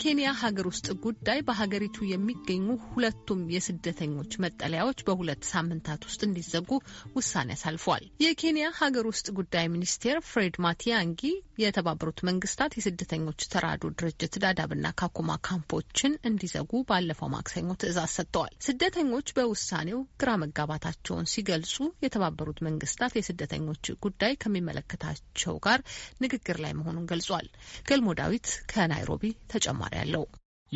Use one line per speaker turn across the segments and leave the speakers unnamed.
የኬንያ ሀገር ውስጥ ጉዳይ በሀገሪቱ የሚገኙ ሁለቱም የስደተኞች መጠለያዎች በሁለት ሳምንታት ውስጥ እንዲዘጉ ውሳኔ አሳልፏል። የኬንያ ሀገር ውስጥ ጉዳይ ሚኒስቴር ፍሬድ ማቲያንጊ የተባበሩት መንግስታት የስደተኞች ተራዶ ድርጅት ዳዳብና ካኩማ ካምፖችን እንዲዘጉ ባለፈው ማክሰኞ ትዕዛዝ ሰጥተዋል። ስደተኞች በውሳኔው ግራ መጋባታቸውን ሲገልጹ የተባበሩት መንግስታት የስደተኞች ጉዳይ ከሚመለከታቸው ጋር ንግግር ላይ መሆኑን ገልጿል። ገልሞ ዳዊት ከናይሮቢ ተጨማ ጭማሪ አለው።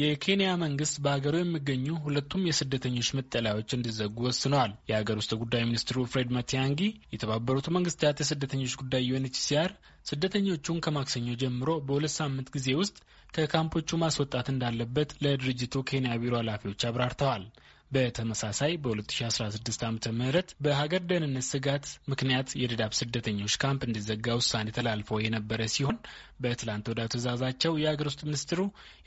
የኬንያ መንግስት በሀገሩ የሚገኙ ሁለቱም የስደተኞች መጠለያዎች እንዲዘጉ ወስነዋል። የሀገር ውስጥ ጉዳይ ሚኒስትሩ ፍሬድ ማቲያንጊ የተባበሩት መንግስታት የስደተኞች ጉዳይ ዩኤንኤችሲአር ስደተኞቹን ከማክሰኞ ጀምሮ በሁለት ሳምንት ጊዜ ውስጥ ከካምፖቹ ማስወጣት እንዳለበት ለድርጅቱ ኬንያ ቢሮ ኃላፊዎች አብራርተዋል። በተመሳሳይ በ2016 ዓ ም በሀገር ደህንነት ስጋት ምክንያት የድዳብ ስደተኞች ካምፕ እንዲዘጋ ውሳኔ ተላልፎ የነበረ ሲሆን በትላንት ወዳ ትእዛዛቸው የአገር ውስጥ ሚኒስትሩ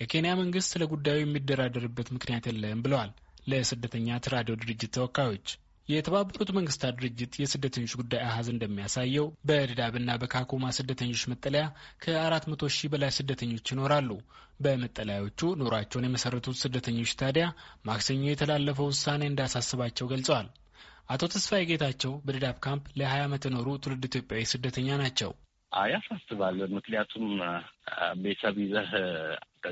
የኬንያ መንግስት ስለ ጉዳዩ የሚደራደርበት ምክንያት የለም ብለዋል። ለስደተኛ ት ራዲዮ ድርጅት ተወካዮች የተባበሩት መንግስታት ድርጅት የስደተኞች ጉዳይ አሃዝ እንደሚያሳየው በድዳብና በካኮማ ስደተኞች መጠለያ ከአራት መቶ ሺህ በላይ ስደተኞች ይኖራሉ። በመጠለያዎቹ ኑሯቸውን የመሰረቱት ስደተኞች ታዲያ ማክሰኞ የተላለፈው ውሳኔ እንዳሳስባቸው ገልጸዋል። አቶ ተስፋዬ ጌታቸው በድዳብ ካምፕ ለ20 ዓመት የኖሩ ትውልድ ኢትዮጵያዊ ስደተኛ ናቸው። ያሳስባል። ምክንያቱም ቤተሰብ ይዘህ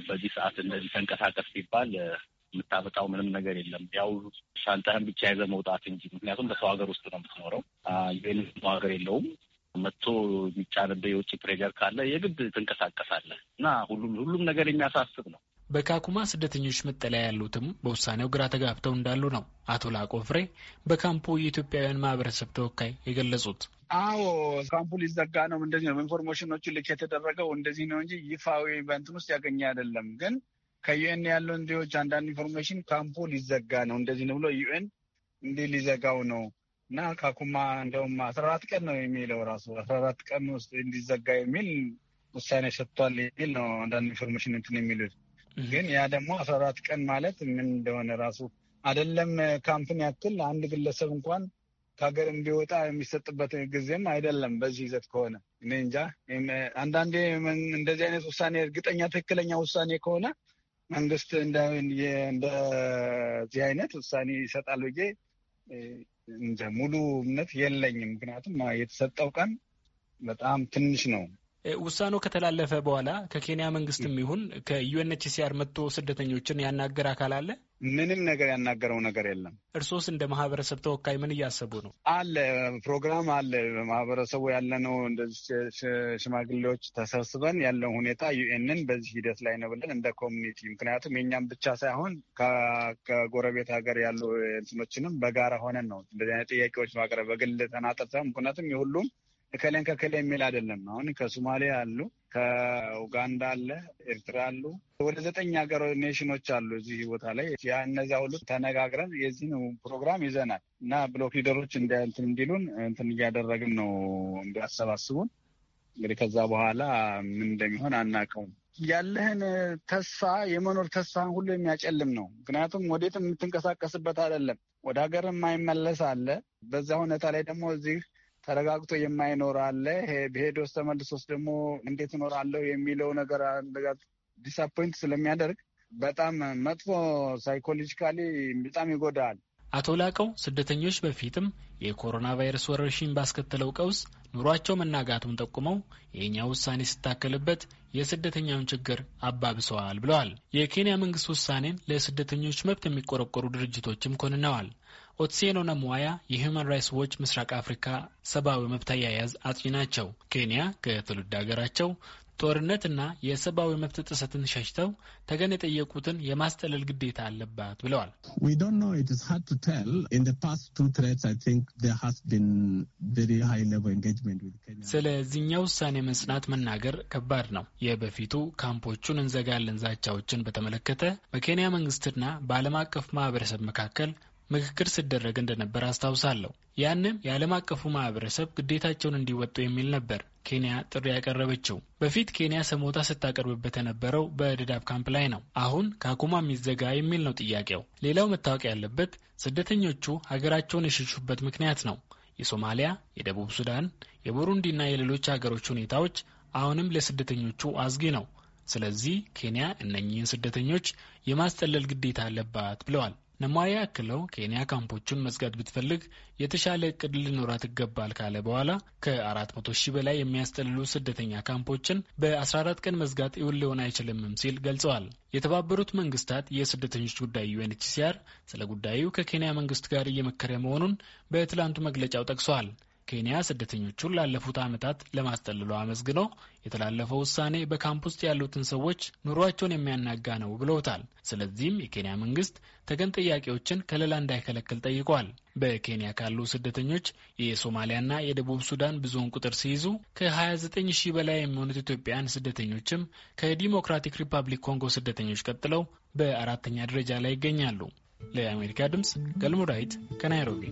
በዚህ ሰዓት እንደዚህ ተንቀሳቀስ ሲባል የምታመጣው ምንም ነገር የለም። ያው ሻንጣህን ብቻ ይዘህ መውጣት እንጂ ምክንያቱም በሰው ሀገር ውስጥ ነው የምትኖረው። ይህን ሀገር የለውም መጥቶ የሚጫንብህ የውጭ ፕሬዠር ካለ የግድ ትንቀሳቀሳለህ እና ሁሉም ሁሉም ነገር የሚያሳስብ ነው። በካኩማ ስደተኞች መጠለያ ያሉትም በውሳኔው ግራ ተጋብተው እንዳሉ ነው አቶ ላቆ ፍሬ በካምፑ የኢትዮጵያውያን ማህበረሰብ ተወካይ የገለጹት።
አዎ ካምፑ ሊዘጋ ነው እንደዚህ ነው ኢንፎርሜሽኖቹ ልክ የተደረገው እንደዚህ ነው እንጂ ይፋዊ በንትን ውስጥ ያገኘ አይደለም ግን ከዩኤን ያለው እንዲዎች አንዳንድ ኢንፎርሜሽን ካምፖ ሊዘጋ ነው እንደዚህ ነው ብሎ ዩኤን እንዲህ ሊዘጋው ነው እና ካኩማ እንደውም አስራ አራት ቀን ነው የሚለው ራሱ አስራ አራት ቀን ውስጥ እንዲዘጋ የሚል ውሳኔ ሰጥቷል የሚል ነው አንዳንድ ኢንፎርሜሽን እንትን የሚሉት ግን ያ ደግሞ አስራ አራት ቀን ማለት ምን እንደሆነ ራሱ አይደለም ካምፕን ያክል አንድ ግለሰብ እንኳን ከሀገር እንዲወጣ የሚሰጥበት ጊዜም አይደለም። በዚህ ይዘት ከሆነ እኔ እንጃ። አንዳንዴ እንደዚህ አይነት ውሳኔ እርግጠኛ ትክክለኛ ውሳኔ ከሆነ መንግስት እንደዚህ አይነት ውሳኔ ይሰጣል ብዬ እንደ ሙሉ እምነት የለኝም። ምክንያቱም የተሰጠው ቀን በጣም ትንሽ ነው።
ውሳኔው ከተላለፈ በኋላ ከኬንያ መንግስትም ይሁን ከዩኤንኤችሲአር መጥቶ ስደተኞችን ያናገር አካል አለ? ምንም ነገር ያናገረው ነገር የለም። እርሶስ እንደ ማህበረሰብ ተወካይ ምን እያሰቡ ነው?
አለ ፕሮግራም አለ ማህበረሰቡ ያለነው እንደዚህ ሽማግሌዎች ተሰብስበን ያለው ሁኔታ ዩኤንን በዚህ ሂደት ላይ ነው ብለን እንደ ኮሚኒቲ ምክንያቱም የእኛም ብቻ ሳይሆን ከጎረቤት ሀገር ያሉ እንትኖችንም በጋራ ሆነን ነው እንደዚህ አይነት ጥያቄዎች ማቅረብ በግል ተናጠር ሳይሆን ምክንያቱም የሁሉም እከሌን ከከሌ የሚል አይደለም። አሁን ከሶማሌ አሉ፣ ከኡጋንዳ አለ፣ ኤርትራ አሉ፣ ወደ ዘጠኝ ሀገር ኔሽኖች አሉ እዚህ ቦታ ላይ ያ እነዚያ ሁሉ ተነጋግረን የዚህን ፕሮግራም ይዘናል እና ብሎክ ሊደሮች እንትን እንዲሉን እንትን እያደረግን ነው እንዲያሰባስቡን። እንግዲህ ከዛ በኋላ ምን እንደሚሆን አናውቀውም። ያለህን ተስፋ የመኖር ተስፋን ሁሉ የሚያጨልም ነው። ምክንያቱም ወዴትም የምትንቀሳቀስበት አይደለም። ወደ ሀገር የማይመለስ አለ። በዛ ሁኔታ ላይ ደግሞ እዚህ ተረጋግቶ የማይኖር አለ። በሄዶስ ተመልሶስ ደግሞ እንዴት እኖራለሁ የሚለው ነገር ዲስአፖይንት ስለሚያደርግ በጣም መጥፎ ሳይኮሎጂካሊ በጣም ይጎዳል።
አቶ ላቀው ስደተኞች በፊትም የኮሮና ቫይረስ ወረርሽኝ ባስከተለው ቀውስ ኑሯቸው መናጋቱን ጠቁመው የእኛ ውሳኔ ስታከልበት የስደተኛውን ችግር አባብሰዋል ብለዋል። የኬንያ መንግስት ውሳኔን ለስደተኞች መብት የሚቆረቆሩ ድርጅቶችም ኮንነዋል። ኦትሴኖ ነሙዋያ የሁማን ራይትስ ዎች ምስራቅ አፍሪካ ሰብአዊ መብት አያያዝ አጥኚ ናቸው። ኬንያ ከትውልድ ሀገራቸው ጦርነትና የሰብአዊ መብት ጥሰትን ሸሽተው ተገን የጠየቁትን የማስጠለል ግዴታ አለባት ብለዋል። ስለዚህኛው ውሳኔ መጽናት መናገር ከባድ ነው። የበፊቱ ካምፖቹን እንዘጋለን ዛቻዎችን በተመለከተ በኬንያ መንግስትና በዓለም አቀፍ ማህበረሰብ መካከል ምክክር ሲደረግ እንደነበር አስታውሳለሁ። ያንም የዓለም አቀፉ ማህበረሰብ ግዴታቸውን እንዲወጡ የሚል ነበር ኬንያ ጥሪ ያቀረበችው። በፊት ኬንያ ሰሞታ ስታቀርብበት የነበረው በደዳብ ካምፕ ላይ ነው። አሁን ካኩማ የሚዘጋ የሚል ነው ጥያቄው። ሌላው መታወቅ ያለበት ስደተኞቹ ሀገራቸውን የሸሹበት ምክንያት ነው። የሶማሊያ፣ የደቡብ ሱዳን፣ የቡሩንዲና የሌሎች ሀገሮች ሁኔታዎች አሁንም ለስደተኞቹ አዝጊ ነው። ስለዚህ ኬንያ እነኚህን ስደተኞች የማስጠለል ግዴታ አለባት ብለዋል ነማሪ አክለው ኬንያ ካምፖቹን መዝጋት ብትፈልግ የተሻለ እቅድ ሊኖራት ይገባል ካለ በኋላ ከ400 ሺህ በላይ የሚያስጠልሉ ስደተኛ ካምፖችን በ14 ቀን መዝጋት ይውል ሊሆን አይችልምም ሲል ገልጸዋል። የተባበሩት መንግስታት የስደተኞች ጉዳይ ዩኤንኤችሲአር ስለ ጉዳዩ ከኬንያ መንግስት ጋር እየመከረ መሆኑን በትላንቱ መግለጫው ጠቅሷል። ኬንያ ስደተኞቹን ላለፉት ዓመታት ለማስጠልሎ አመስግኖ የተላለፈው ውሳኔ በካምፕ ውስጥ ያሉትን ሰዎች ኑሯቸውን የሚያናጋ ነው ብለውታል። ስለዚህም የኬንያ መንግስት ተገን ጥያቄዎችን ከለላ እንዳይከለክል ጠይቋል። በኬንያ ካሉ ስደተኞች የሶማሊያና የደቡብ ሱዳን ብዙውን ቁጥር ሲይዙ ከ29 ሺህ በላይ የሚሆኑት ኢትዮጵያውያን ስደተኞችም ከዲሞክራቲክ ሪፐብሊክ ኮንጎ ስደተኞች ቀጥለው በአራተኛ ደረጃ ላይ ይገኛሉ። ለአሜሪካ ድምፅ ገልሞ ከናይሮቢ